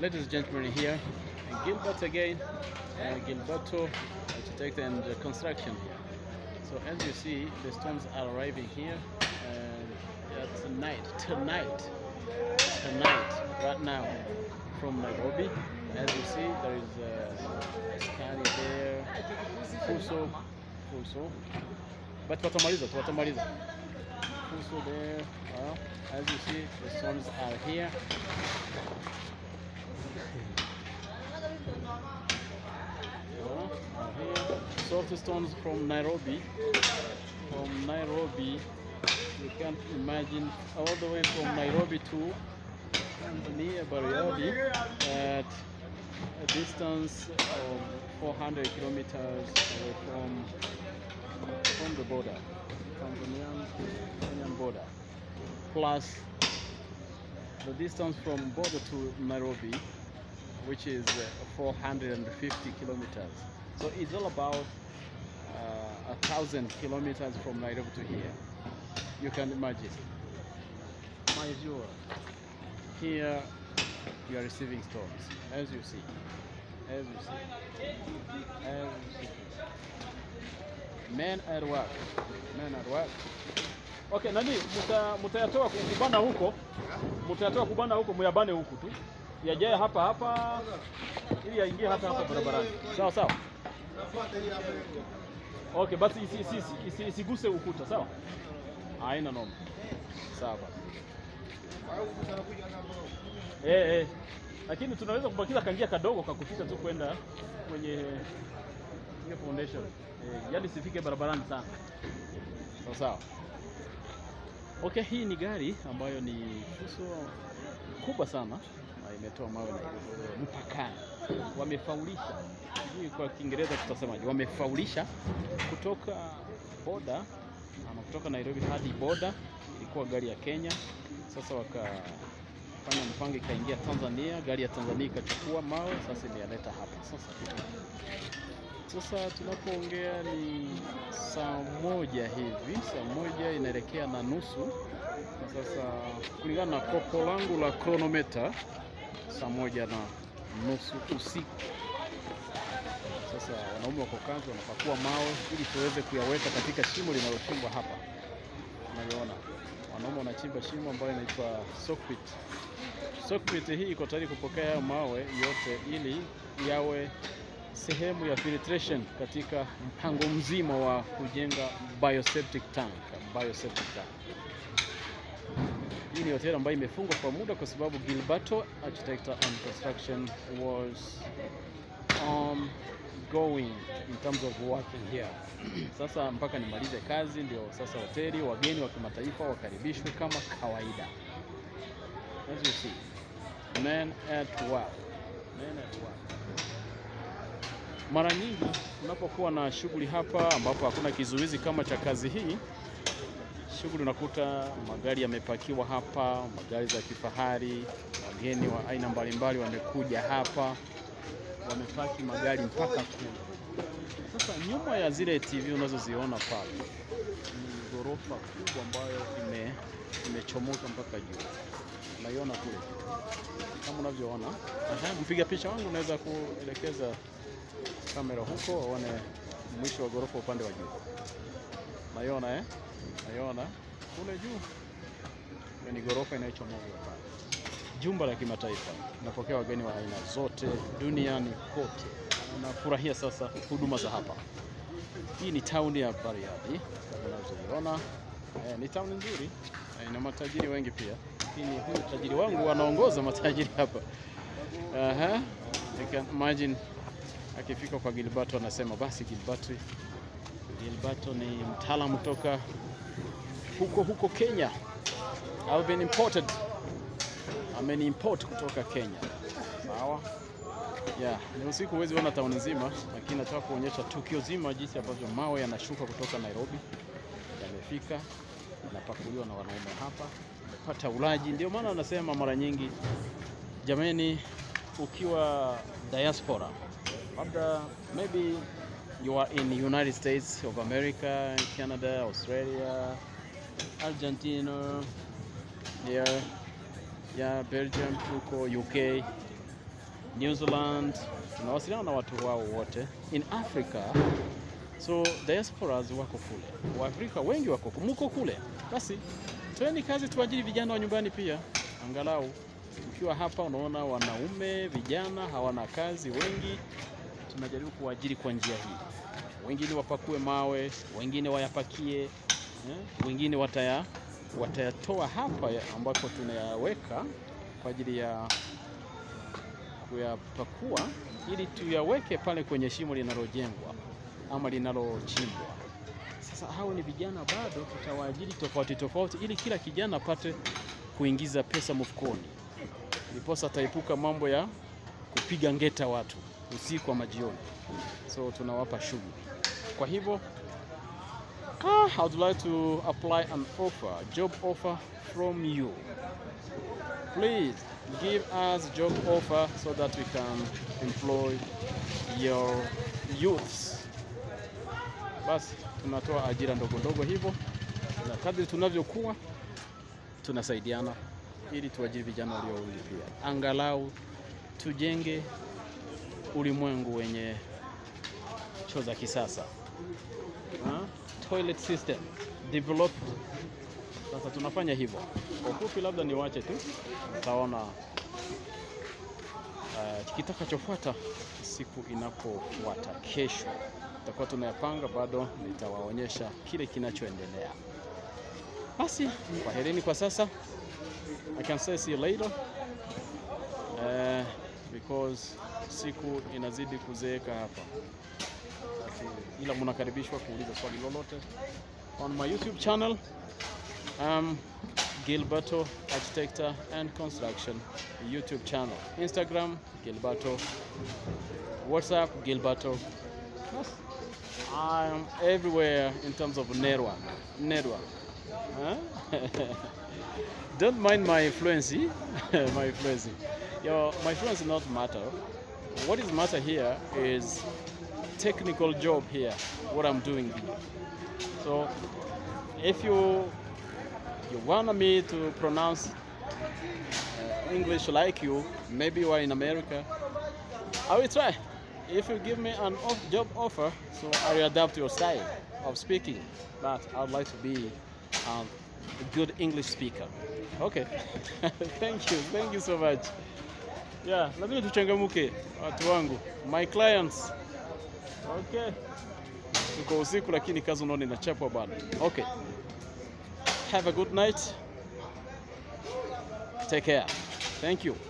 ladies and gentlemen here Gilbert again and Gilberto architect and construction here so as you see the stones are arriving here uh, tonight tonight tonight right now from Nairobi as you see there is uh, a scanny there Fuso Fuso but watamaliza watamaliza Fuso there well, as you see the stones are here The stones from Nairobi. From Nairobi, you can't imagine all the way from Nairobi to near Bariadi at a distance of 400 kilometers away from, from the border, Tanzanian Kenyan border. Plus the distance from border to Nairobi, which is uh, 450 kilometers. So it's all about a thousand kilometers from Nairobi to here. You can imagine. My viewer, here you are receiving storms, as you see. As you see. As you see. Men at work. Men at work. Okay, nani mutayatoa muta kubana huko mutayatoa kubana huko muyabane huku tu yajae hapa hapa ili yaingie hata hapa barabarani. Sawa sawa. Okay, basi isiguse ukuta, sawa? Haina noma. Sawa basi. Eh, eh. Lakini tunaweza kubakiza kangia kadogo kakufika tu kwenda kwenye kwenye foundation. Eh, yaani sifike barabarani sana. Sawa sawa. Okay, hii ni gari ambayo ni fuso kubwa sana imetoa mawe na mpakani, wamefaulisha, hii, kwa Kiingereza tutasemaje, wamefaulisha kutoka boda ama kutoka Nairobi hadi boda, ilikuwa gari ya Kenya. Sasa wakafanya mpango, ikaingia Tanzania, gari ya Tanzania ikachukua mawe, sasa imeleta hapa sasa sasa tunapoongea ni saa moja hivi, saa moja inaelekea na nusu. Sasa kulingana na kopo langu la kronometa saa moja na nusu usiku. Sasa wanaume wako kazi, wanapakua mawe ili tuweze kuyaweka katika shimo linalochimbwa hapa. Unaliona wanaume wanachimba shimo ambayo inaitwa sock pit. pit hii iko tayari kupokea hayo mawe yote ili yawe sehemu ya filtration katika mpango mzima wa kujenga bioseptic tank, bioseptic tank. Hii ni hoteli ambayo imefungwa kwa muda kwa sababu Gilberto Architecture and Construction was um, going in terms of working here. Sasa mpaka nimalize kazi ndio sasa hoteli wageni wa kimataifa wakaribishwe kama kawaida. As you see. Men at work. Men at work. Mara nyingi unapokuwa na shughuli hapa ambapo hakuna kizuizi kama cha kazi hii shughuli, unakuta magari yamepakiwa hapa, magari za kifahari, wageni wa aina mbalimbali wamekuja hapa, wamepaki magari mpaka kule. Sasa nyuma ya zile TV unazoziona pale ni ghorofa kubwa ambayo ime imechomoka mpaka juu, unaiona kule kama unavyoona. Mpiga picha wangu unaweza kuelekeza kamera huko, waone mwisho wa ghorofa upande wa juu, naiona eh? Naiona kule juu ni yaani ghorofa inayochomoza pale. Jumba la kimataifa napokea wageni wa aina zote duniani kote. nafurahia sasa huduma za hapa. Hii ni town ya Bariadi unazoiona. Eh, ni town nzuri eh, ina matajiri wengi pia. Lakini huyu tajiri wangu anaongoza matajiri hapa. Aha. I can imagine akifika kwa Gilbato anasema basi Gilbato, Gilbato ni mtaalamu kutoka huko huko Kenya. I've been imported. import kutoka Kenya. Sawa? Yeah, ni usiku huwezi ona tauni nzima, lakini nataka kuonyesha tukio zima jinsi ambavyo mawe yanashuka kutoka Nairobi yamefika yanapakuliwa na wanaume hapa, amepata ulaji. Ndio maana anasema mara nyingi, jameni, ukiwa diaspora, labda maybe you are in United States of America, Canada, Australia Argentina, yeah, yeah, Belgium, huko UK, New Zealand, tunawasiliana na watu wao wote in Africa. So diasporas wako kule, Waafrika wengi wako muko kule, basi tweni kazi tuajiri vijana wa nyumbani pia, angalau ukiwa hapa unaona wanaume vijana hawana kazi wengi, tunajaribu kuajiri kwa njia hii. Wengine wapakue mawe, wengine wayapakie eh, wengine wataya, watayatoa hapa ambapo tunayaweka kwa ajili ya kuyapakua ili tuyaweke pale kwenye shimo linalojengwa ama linalochimbwa. Sasa hao ni vijana bado tutawaajiri tofauti tofauti, ili kila kijana apate kuingiza pesa mfukoni, niposa ataepuka mambo ya kupiga ngeta watu usiku wa majioni. So tunawapa shughuli, kwa hivyo Ah, I would like to apply an offer, job offer from you. Please give us job offer so that we can employ your youths. Basi tunatoa ajira ndogo ndogo hivyo, na kadri tunavyokuwa tunasaidiana ili tuajiri vijana walio wengi, pia angalau tujenge ulimwengu wenye choo za kisasa ha? toilet system developed. Sasa tunafanya hivyo kwa ufupi, labda niwache tu, nitaona uh, kitakachofuata siku inapofuata. Kesho tutakuwa tunayapanga, bado nitawaonyesha kile kinachoendelea. Basi kwaherini kwa sasa. I can say see you later. Uh, because siku inazidi kuzeeka hapa ila mnakaribishwa kuuliza swali lolote on my YouTube channel. Um, Gilberto Architecture and Construction YouTube channel. Instagram Gilberto. WhatsApp Gilberto. I am everywhere in terms of network. Network. Huh? Don't mind my fluency. my fluency. Yo, my fluency not matter. What is matter here is technical job here, what I'm doing. So if you you want me to pronounce uh, English like you, maybe you are in America, I will try. If you give me an off job offer, so I will adapt your style of speaking. But I'd like to be um, a good English speaker. Okay, thank you, thank you so much. Yeah, Let me lazima tuchangamuke at wangu, my clients. Okay. Tuko usiku lakini kazi unaona inachapwa bwana. Okay. Have a good night. Take care. Thank you.